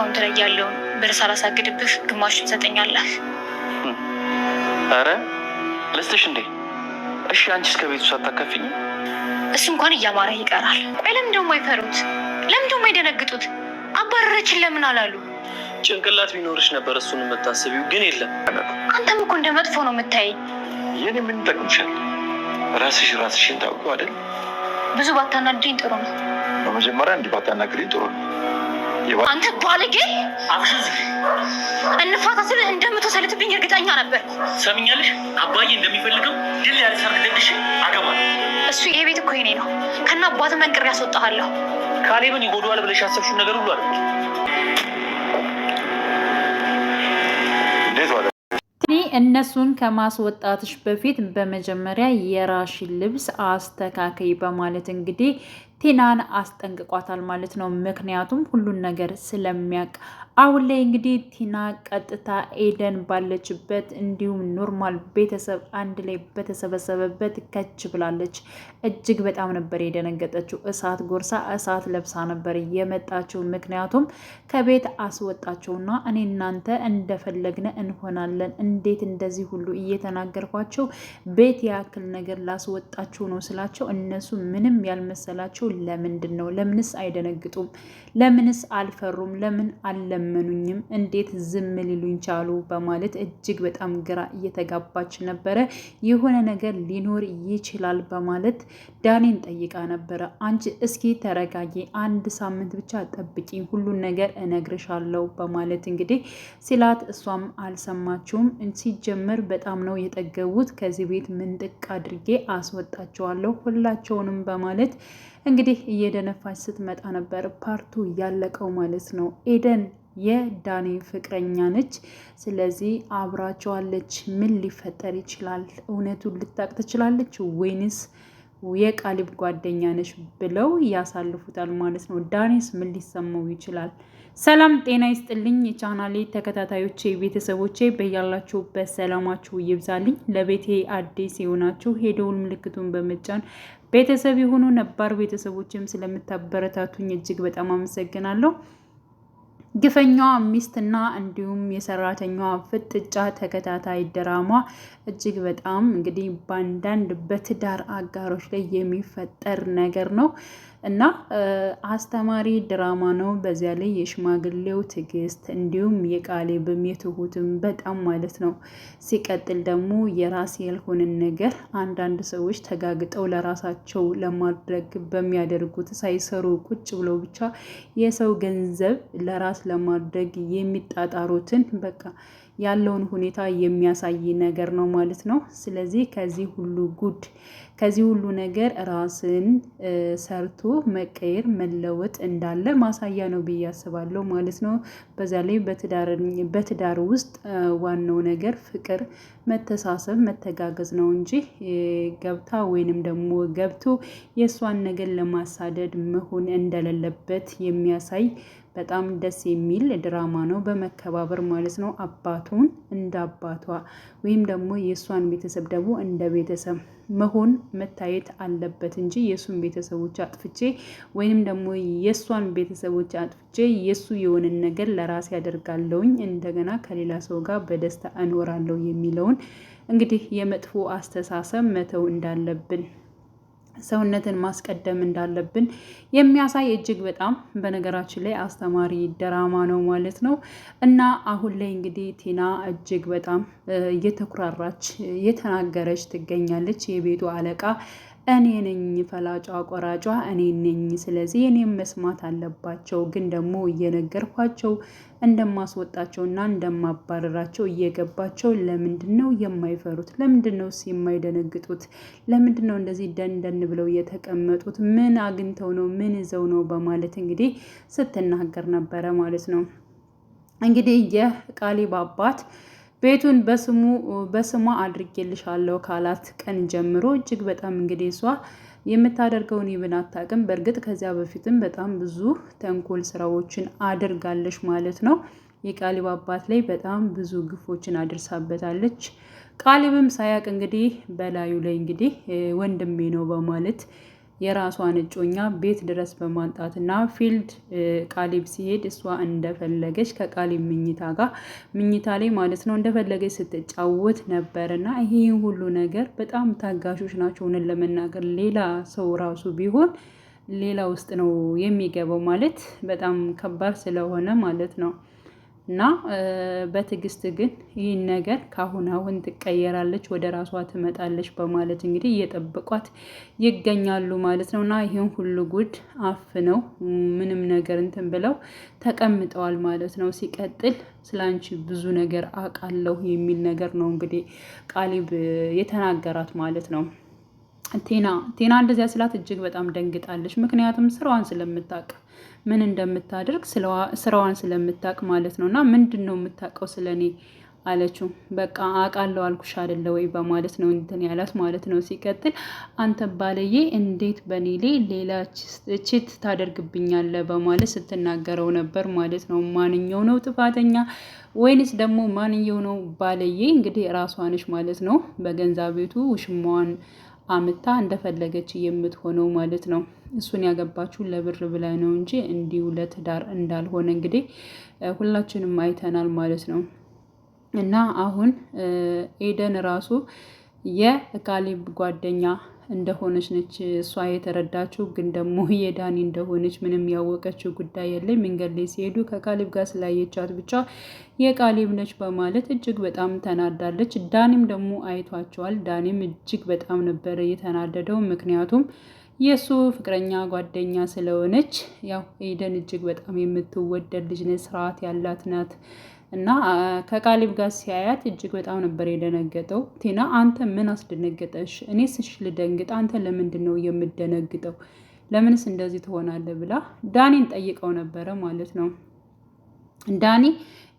አካውንት ላይ ያለውን ብር ሳላሳግድብህ ግማሹን ትሰጠኛለህ። አረ ልስጥሽ እንዴ? እሺ አንቺ እስከ ቤቱ ሳታከፍኝ እሱ እንኳን እያማረ ይቀራል። ቆይ ለምን ደግሞ አይፈሩት? ለምን ደግሞ አይደነግጡት? አባረረችን ለምን አላሉ? ጭንቅላት ቢኖርሽ ነበር እሱን የምታስቢው፣ ግን የለም። አንተም እኮ እንደ መጥፎ ነው የምታየኝ። ይህን ምን ይጠቅምሻል? ራስሽ ራስሽን ታውቁ አይደል? ብዙ ባታናግሪኝ ጥሩ ነው። በመጀመሪያ እንዲህ ባታናግሪኝ ጥሩ ነው። አንተ ባለጌ አፍሽን ዝጊ። እንፋታ ስል እንደምትሰልትብኝ እርግጠኛ ነበር። ሰምኛለሽ? አባዬ እንደሚፈልገው ድል ያለ ሰርግ ደግሽ አገባል። እሱ ይሄ ቤት እኮ የኔ ነው። ከና አባት መንቅር ያስወጣሃለሁ። ካሌብን ይጎዳዋል ብለሽ ያሰብሽው ነገር ሁሉ አለ። እነሱን ከማስወጣትሽ በፊት በመጀመሪያ የራሽን ልብስ አስተካከይ በማለት እንግዲህ ቲናን አስጠንቅቋታል ማለት ነው። ምክንያቱም ሁሉን ነገር ስለሚያውቅ አሁን ላይ እንግዲህ ቲና ቀጥታ ኤደን ባለችበት እንዲሁም ኖርማል ቤተሰብ አንድ ላይ በተሰበሰበበት ከች ብላለች። እጅግ በጣም ነበር የደነገጠችው። እሳት ጎርሳ እሳት ለብሳ ነበር የመጣችው። ምክንያቱም ከቤት አስወጣቸውና እኔ እናንተ እንደፈለግነ እንሆናለን፣ እንዴት እንደዚህ ሁሉ እየተናገርኳቸው ቤት ያክል ነገር ላስወጣችሁ ነው ስላቸው እነሱ ምንም ያልመሰላቸው ለምንድን ነው? ለምንስ አይደነግጡም? ለምንስ አልፈሩም? ለምን አልለመኑኝም? እንዴት ዝም ሊሉኝ ቻሉ? በማለት እጅግ በጣም ግራ እየተጋባች ነበረ። የሆነ ነገር ሊኖር ይችላል በማለት ዳኔን ጠይቃ ነበረ። አንቺ እስኪ ተረጋጊ፣ አንድ ሳምንት ብቻ ጠብቂኝ፣ ሁሉን ነገር እነግርሻለሁ በማለት እንግዲህ ሲላት እሷም አልሰማችውም። ሲጀምር በጣም ነው የጠገቡት፣ ከዚህ ቤት ምንጥቅ አድርጌ አስወጣቸዋለሁ ሁላቸውንም በማለት እንግዲህ እየደነፋች ስትመጣ ነበር ፓርቱ ያለቀው ማለት ነው። ኤደን የዳኔ ፍቅረኛ ነች። ስለዚህ አብራቸዋለች። ምን ሊፈጠር ይችላል? እውነቱን ልታቅ ትችላለች ወይንስ የቃሊብ ጓደኛ ነች ብለው ያሳልፉታል ማለት ነው። ዳኔስ ምን ሊሰማው ይችላል? ሰላም ጤና ይስጥልኝ የቻናሌ ተከታታዮቼ ቤተሰቦቼ፣ በያላችሁበት ሰላማችሁ ይብዛልኝ። ለቤቴ አዲስ የሆናችሁ ሄደውን ምልክቱን በመጫን ቤተሰብ የሆኑ ነባር ቤተሰቦችም ስለምታበረታቱኝ እጅግ በጣም አመሰግናለሁ። ግፈኛዋ ሚስትና እንዲሁም የሰራተኛዋ ፍጥጫ ተከታታይ ድራማ እጅግ በጣም እንግዲህ በአንዳንድ በትዳር አጋሮች ላይ የሚፈጠር ነገር ነው። እና አስተማሪ ድራማ ነው። በዚያ ላይ የሽማግሌው ትዕግስት እንዲሁም የቃሌብም የትሁትም በጣም ማለት ነው። ሲቀጥል ደግሞ የራስ ያልሆንን ነገር አንዳንድ ሰዎች ተጋግጠው ለራሳቸው ለማድረግ በሚያደርጉት ሳይሰሩ ቁጭ ብለው ብቻ የሰው ገንዘብ ለራስ ለማድረግ የሚጣጣሩትን በቃ ያለውን ሁኔታ የሚያሳይ ነገር ነው ማለት ነው። ስለዚህ ከዚህ ሁሉ ጉድ ከዚህ ሁሉ ነገር ራስን ሰርቶ መቀየር መለወጥ እንዳለ ማሳያ ነው ብዬ አስባለሁ ማለት ነው። በዛ ላይ በትዳር ውስጥ ዋናው ነገር ፍቅር፣ መተሳሰብ፣ መተጋገዝ ነው እንጂ ገብታ ወይንም ደግሞ ገብቶ የእሷን ነገር ለማሳደድ መሆን እንደሌለበት የሚያሳይ በጣም ደስ የሚል ድራማ ነው። በመከባበር ማለት ነው አባቱን እንደ አባቷ ወይም ደግሞ የእሷን ቤተሰብ ደግሞ እንደ ቤተሰብ መሆን መታየት አለበት እንጂ የእሱን ቤተሰቦች አጥፍቼ ወይንም ደግሞ የእሷን ቤተሰቦች አጥፍቼ የእሱ የሆንን ነገር ለራሴ ያደርጋለውኝ እንደገና ከሌላ ሰው ጋር በደስታ እኖራለሁ የሚለውን እንግዲህ የመጥፎ አስተሳሰብ መተው እንዳለብን ሰውነትን ማስቀደም እንዳለብን የሚያሳይ እጅግ በጣም በነገራችን ላይ አስተማሪ ድራማ ነው ማለት ነው። እና አሁን ላይ እንግዲህ ቲና እጅግ በጣም እየተኩራራች እየተናገረች ትገኛለች። የቤቱ አለቃ እኔ ነኝ ፈላጯ ቆራጯ እኔ ነኝ። ስለዚህ እኔም መስማት አለባቸው። ግን ደግሞ እየነገርኳቸው እንደማስወጣቸው ና እንደማባረራቸው እየገባቸው ለምንድን ነው የማይፈሩት? ለምንድን ነው የማይደነግጡት? ለምንድን ነው እንደዚህ ደንደን ብለው የተቀመጡት? ምን አግኝተው ነው? ምን ይዘው ነው? በማለት እንግዲህ ስትናገር ነበረ ማለት ነው። እንግዲህ የቃሊብ አባት ቤቱን በስሙ በስሟ አድርጌልሻለሁ ካላት ቀን ጀምሮ እጅግ በጣም እንግዲህ እሷ የምታደርገውን ይብን አታውቅም። በእርግጥ ከዚያ በፊትም በጣም ብዙ ተንኮል ስራዎችን አድርጋለች ማለት ነው። የቃሊብ አባት ላይ በጣም ብዙ ግፎችን አድርሳበታለች። ቃሊብም ሳያቅ እንግዲህ በላዩ ላይ እንግዲህ ወንድሜ ነው በማለት የራሷን እጮኛ ቤት ድረስ በማምጣትና ፊልድ ቃሊብ ሲሄድ እሷ እንደፈለገች ከቃሊብ ምኝታ ጋር ምኝታ ላይ ማለት ነው እንደፈለገች ስትጫወት እና ይሄ ሁሉ ነገር በጣም ታጋሾች ናቸው። እውነት ለመናገር ሌላ ሰው ራሱ ቢሆን ሌላ ውስጥ ነው የሚገባው ማለት በጣም ከባድ ስለሆነ ማለት ነው። እና በትዕግስት ግን ይህን ነገር ካሁን አሁን ትቀየራለች፣ ወደ ራሷ ትመጣለች በማለት እንግዲህ እየጠበቋት ይገኛሉ ማለት ነው። እና ይህን ሁሉ ጉድ አፍ ነው ምንም ነገር እንትን ብለው ተቀምጠዋል ማለት ነው። ሲቀጥል ስላንቺ ብዙ ነገር አውቃለሁ የሚል ነገር ነው እንግዲህ ቃሊብ የተናገራት ማለት ነው። ቴና ቴና እንደዚያ ስላት እጅግ በጣም ደንግጣለች። ምክንያቱም ስራዋን ስለምታውቅ ምን እንደምታደርግ ስራዋን ስለምታውቅ ማለት ነው። እና ምንድን ነው የምታውቀው ስለ እኔ አለችው። በቃ አውቃለሁ አልኩሽ አይደለ ወይ በማለት ነው እንትን ያላት ማለት ነው። ሲቀጥል አንተ ባለዬ እንዴት በእኔ ላይ ሌላ ችት ታደርግብኛለህ በማለት ስትናገረው ነበር ማለት ነው። ማንኛው ነው ጥፋተኛ ወይንስ ደግሞ ማንኛው ነው ባለዬ? እንግዲህ ራሷ ነች ማለት ነው። በገንዛ ቤቱ ውሽማዋን አምታ እንደፈለገች የምትሆነው ማለት ነው። እሱን ያገባችሁ ለብር ብላ ነው እንጂ እንዲሁ ለትዳር እንዳልሆነ እንግዲህ ሁላችንም አይተናል ማለት ነው። እና አሁን ኤደን ራሱ የካሌብ ጓደኛ እንደሆነች ነች እሷ የተረዳችው፣ ግን ደግሞ የዳኒ እንደሆነች ምንም ያወቀችው ጉዳይ የለኝ። መንገድ ላይ ሲሄዱ ከቃሊብ ጋር ስላየቻት ብቻ የቃሊብ ነች በማለት እጅግ በጣም ተናዳለች። ዳኒም ደግሞ አይቷቸዋል። ዳኒም እጅግ በጣም ነበር የተናደደው፣ ምክንያቱም የእሱ ፍቅረኛ ጓደኛ ስለሆነች ያው ኤደን እጅግ በጣም የምትወደድ ልጅ ስርዓት ያላት ናት እና ከቃሊብ ጋር ሲያያት እጅግ በጣም ነበር የደነገጠው። ቴና አንተ ምን አስደነገጠሽ? እኔ ስሽ ልደንግጥ አንተ ለምንድን ነው የምደነግጠው? ለምንስ እንደዚህ ትሆናለህ? ብላ ዳኒን ጠይቀው ነበረ ማለት ነው ዳኒ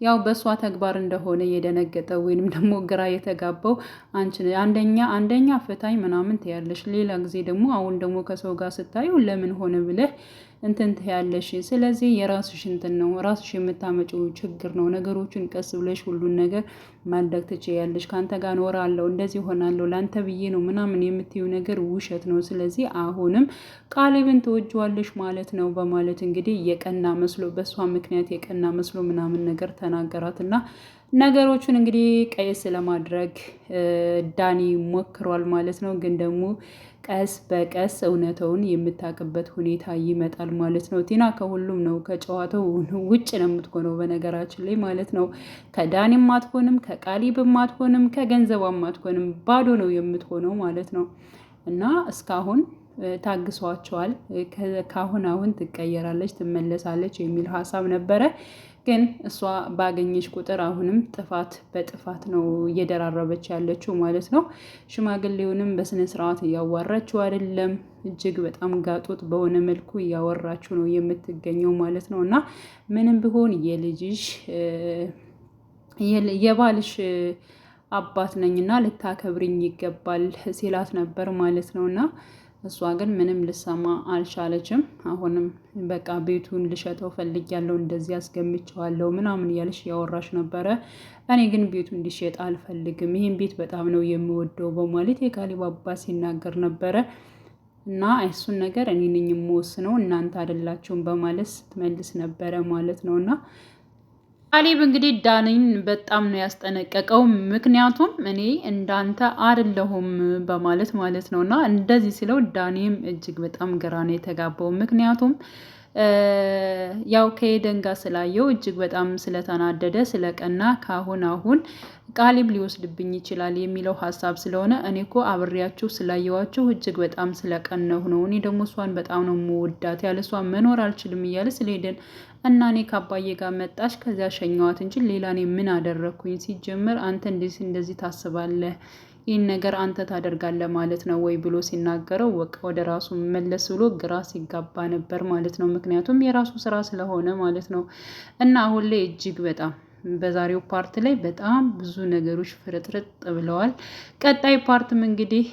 ያው በእሷ ተግባር እንደሆነ የደነገጠው ወይንም ደግሞ ግራ የተጋባው አንቺ አንደኛ አንደኛ ፍታኝ ምናምን ትያለሽ፣ ሌላ ጊዜ ደግሞ አሁን ደግሞ ከሰው ጋር ስታዩ ለምን ሆነ ብለህ እንትን ትያለሽ። ስለዚህ የራስሽ እንትን ነው ራስሽ የምታመጪው ችግር ነው። ነገሮችን ቀስ ብለሽ ሁሉን ነገር ማድረግ ትችያለሽ። ከአንተ ጋር ኖራለሁ እንደዚህ ሆናለሁ ለአንተ ብዬ ነው ምናምን የምትዩ ነገር ውሸት ነው። ስለዚህ አሁንም ቃልብን ትወጅዋለሽ ማለት ነው በማለት እንግዲህ የቀና መስሎ በእሷ ምክንያት የቀና መስሎ ምናምን ነገር ተናገራት እና ነገሮቹን እንግዲህ ቀየስ ለማድረግ ዳኒ ሞክሯል ማለት ነው ግን ደግሞ ቀስ በቀስ እውነተውን የምታውቅበት ሁኔታ ይመጣል ማለት ነው። ቲና ከሁሉም ነው፣ ከጨዋታው ውጭ ነው የምትሆነው በነገራችን ላይ ማለት ነው። ከዳኒም አትሆንም፣ ከቃሊብም አትሆንም፣ ከገንዘቧም አትሆንም። ባዶ ነው የምትሆነው ማለት ነው። እና እስካሁን ታግሷቸዋል። ካሁን አሁን ትቀየራለች፣ ትመለሳለች የሚል ሀሳብ ነበረ። ግን እሷ ባገኘች ቁጥር አሁንም ጥፋት በጥፋት ነው እየደራረበች ያለችው ማለት ነው። ሽማግሌውንም በስነ ስርዓት እያወራችሁ አይደለም፣ እጅግ በጣም ጋጦጥ በሆነ መልኩ እያወራችሁ ነው የምትገኘው ማለት ነው። እና ምንም ቢሆን የልጅሽ የባልሽ አባት ነኝና ልታከብርኝ ይገባል ሲላት ነበር ማለት ነው እና እሷ ግን ምንም ልሰማ አልቻለችም። አሁንም በቃ ቤቱን ልሸጠው ፈልጊያለሁ እንደዚህ አስገምቸዋለሁ ምናምን እያለሽ ያወራሽ ነበረ። እኔ ግን ቤቱ እንዲሸጥ አልፈልግም፣ ይህን ቤት በጣም ነው የምወደው በማለት የካሌብ አባት ሲናገር ነበረ። እና እሱን ነገር እኔ ነኝ የምወስነው እናንተ አይደላችሁም በማለት ስትመልስ ነበረ ማለት ነው እና ካሌብ እንግዲህ ዳኒን በጣም ነው ያስጠነቀቀው። ምክንያቱም እኔ እንዳንተ አይደለሁም በማለት ማለት ነው። እና እንደዚህ ሲለው ዳኒም እጅግ በጣም ግራ ነው የተጋባው። ምክንያቱም ያው ከኤደን ጋር ስላየው እጅግ በጣም ስለተናደደ ስለቀና ከአሁን አሁን ካሌብ ሊወስድብኝ ይችላል የሚለው ሀሳብ ስለሆነ እኔ እኮ አብሬያችሁ ስላየዋችሁ እጅግ በጣም ስለቀነሁ ነው። እኔ ደግሞ እሷን በጣም ነው የምወዳት፣ ያለ እሷ መኖር አልችልም እያለ ስለሄደን እና እኔ ከአባዬ ጋር መጣች ከዚያ ሸኘዋት እንጂ ሌላ እኔ ምን አደረግኩኝ? ሲጀምር አንተ እንዴት እንደዚህ ታስባለህ? ይህን ነገር አንተ ታደርጋለህ ማለት ነው ወይ ብሎ ሲናገረው ወቅ ወደ ራሱ መለስ ብሎ ግራ ሲጋባ ነበር ማለት ነው። ምክንያቱም የራሱ ስራ ስለሆነ ማለት ነው። እና አሁን ላይ እጅግ በጣም በዛሬው ፓርት ላይ በጣም ብዙ ነገሮች ፍርጥርጥ ብለዋል። ቀጣይ ፓርትም እንግዲህ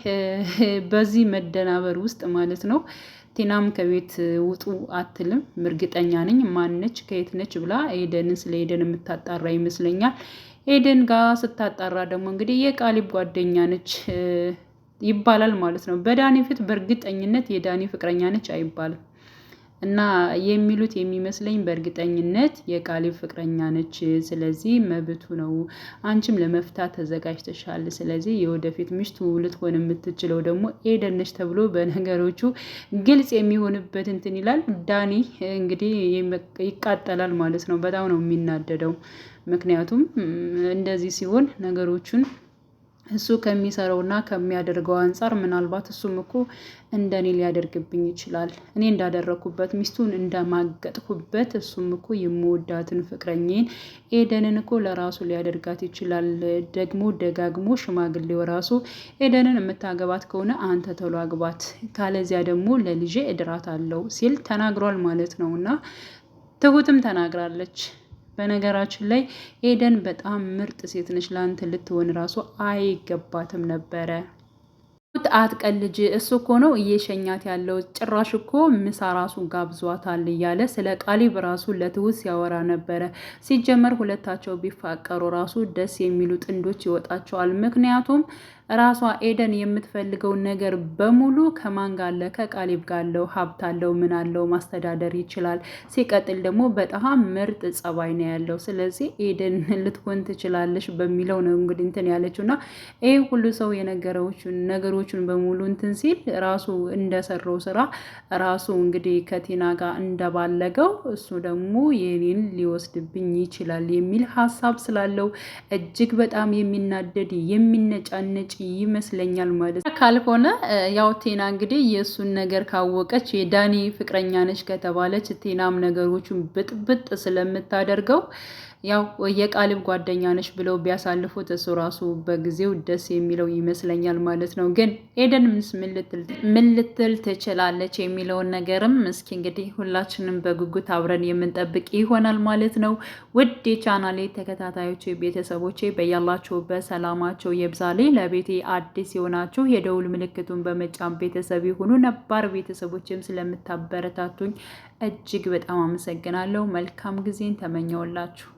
በዚህ መደናበር ውስጥ ማለት ነው ቲናም ከቤት ውጡ አትልም። እርግጠኛ ነኝ ማነች ከየት ነች ብላ ኤደንን ስለ ኤደን የምታጣራ ይመስለኛል። ኤደን ጋር ስታጣራ ደግሞ እንግዲህ የቃሊብ ጓደኛ ነች ይባላል ማለት ነው። በዳኒ ፊት በእርግጠኝነት የዳኒ ፍቅረኛ ነች አይባልም። እና የሚሉት የሚመስለኝ በእርግጠኝነት የቃሊብ ፍቅረኛ ነች፣ ስለዚህ መብቱ ነው። አንቺም ለመፍታት ተዘጋጅተሻል። ስለዚህ የወደፊት ሚስቱ ልትሆን የምትችለው ደግሞ ኤደን ነች ተብሎ በነገሮቹ ግልጽ የሚሆንበት እንትን ይላል። ዳኒ እንግዲህ ይቃጠላል ማለት ነው። በጣም ነው የሚናደደው። ምክንያቱም እንደዚህ ሲሆን ነገሮቹን እሱ ከሚሰራውና ከሚያደርገው አንጻር ምናልባት እሱም እኮ እንደኔ ሊያደርግብኝ ይችላል። እኔ እንዳደረግኩበት ሚስቱን እንደማገጥኩበት እሱም እኮ የምወዳትን ፍቅረኝን ኤደንን እኮ ለራሱ ሊያደርጋት ይችላል። ደግሞ ደጋግሞ ሽማግሌው ራሱ ኤደንን የምታገባት ከሆነ አንተ ተሎ አግባት፣ ካለዚያ ደግሞ ለልጄ እድራት አለው ሲል ተናግሯል ማለት ነው እና ትሁትም ተናግራለች። በነገራችን ላይ ኤደን በጣም ምርጥ ሴት ነች። ለአንተ ልትሆን ራሱ አይገባትም ነበረ። አትቀልጅ። እሱ እኮ ነው እየሸኛት ያለው። ጭራሽ እኮ ምሳ ራሱ ጋብዟታል እያለ ስለ ቃሊብ ራሱ ለትሁት ሲያወራ ነበረ። ሲጀመር ሁለታቸው ቢፋቀሩ ራሱ ደስ የሚሉ ጥንዶች ይወጣቸዋል። ምክንያቱም ራሷ ኤደን የምትፈልገው ነገር በሙሉ ከማን አለ? ከቃሊብ ጋለው ሀብት አለው፣ ምን አለው፣ ማስተዳደር ይችላል። ሲቀጥል ደግሞ በጣም ምርጥ ጸባይ ነው ያለው። ስለዚህ ኤደን ልትሆን ትችላለች በሚለው ነው እንግዲህ እንትን ያለችው እና ይህ ሁሉ ሰው የነገረዎቹን ነገሮቹን በሙሉ እንትን ሲል ራሱ እንደሰራው ስራ ራሱ እንግዲህ ከቲና ጋር እንደባለገው እሱ ደግሞ የኔን ሊወስድብኝ ይችላል የሚል ሀሳብ ስላለው እጅግ በጣም የሚናደድ የሚነጫነጭ ይመስለኛል ማለት ነው። ካልሆነ ያው ቴና እንግዲህ የእሱን ነገር ካወቀች የዳኒ ፍቅረኛ ነች ከተባለች ቴናም ነገሮቹን ብጥብጥ ስለምታደርገው ያው የቃልብ ጓደኛ ነች ብለው ቢያሳልፉት እሱ ራሱ በጊዜው ደስ የሚለው ይመስለኛል ማለት ነው። ግን ኤደን ምን ልትል ትችላለች የሚለውን ነገርም እስኪ እንግዲህ ሁላችንም በጉጉት አብረን የምንጠብቅ ይሆናል ማለት ነው። ውድ የቻናሌ ተከታታዮች ቤተሰቦቼ በያላችሁበት ሰላማቸው የብዛሌ። ለቤቴ አዲስ የሆናችሁ የደውል ምልክቱን በመጫን ቤተሰብ የሆኑ ነባር ቤተሰቦችም ስለምታበረታቱኝ እጅግ በጣም አመሰግናለሁ። መልካም ጊዜን ተመኘውላችሁ።